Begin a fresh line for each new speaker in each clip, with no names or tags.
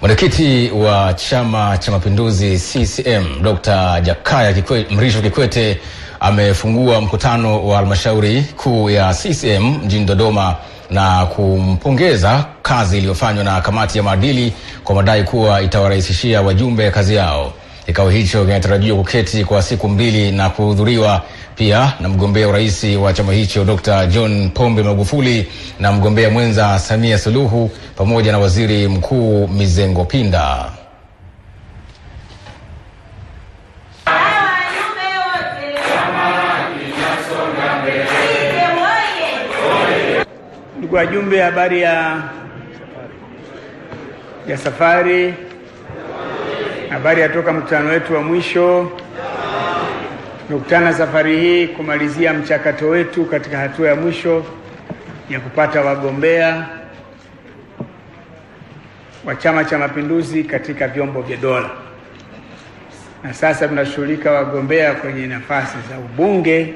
Mwenyekiti wa Chama cha Mapinduzi CCM Dr. Jakaya Kikwete, Mrisho Kikwete amefungua mkutano wa halmashauri kuu ya CCM mjini Dodoma na kumpongeza kazi iliyofanywa na kamati ya maadili kwa madai kuwa itawarahisishia wajumbe kazi yao. Kikao hicho kinatarajiwa kuketi kwa siku mbili na kuhudhuriwa pia na mgombea urais wa chama hicho Dr. John Pombe Magufuli na mgombea mwenza Samia Suluhu pamoja na waziri mkuu Mizengo Pinda.
Ndugu wajumbe, habari ya, ya safari Habari ya toka mkutano wetu wa mwisho. Tumekutana safari hii kumalizia mchakato wetu katika hatua ya mwisho ya kupata wagombea wa Chama cha Mapinduzi katika vyombo vya dola, na sasa tunashughulika wagombea kwenye nafasi za ubunge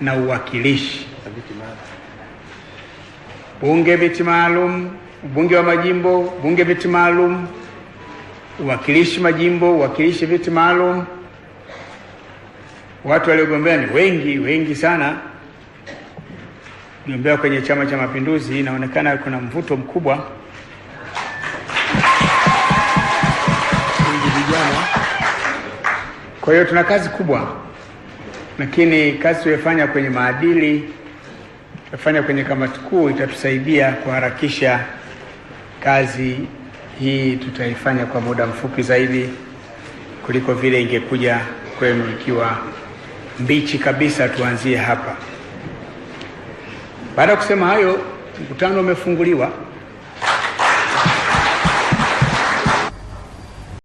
na uwakilishi, bunge viti maalum, ubunge wa majimbo, bunge viti maalum uwakilishi majimbo, uwakilishi viti maalum. Watu waliogombea ni wengi wengi sana. Gombea kwenye Chama cha Mapinduzi inaonekana kuna mvuto mkubwa Kwa hiyo tuna kazi kubwa, lakini kazi tuliyofanya kwenye maadili, tutafanya kwenye kamati kuu, itatusaidia kuharakisha kazi hii tutaifanya kwa muda mfupi zaidi kuliko vile ingekuja kwenu ikiwa mbichi kabisa. Tuanzie hapa. Baada ya kusema hayo, mkutano umefunguliwa.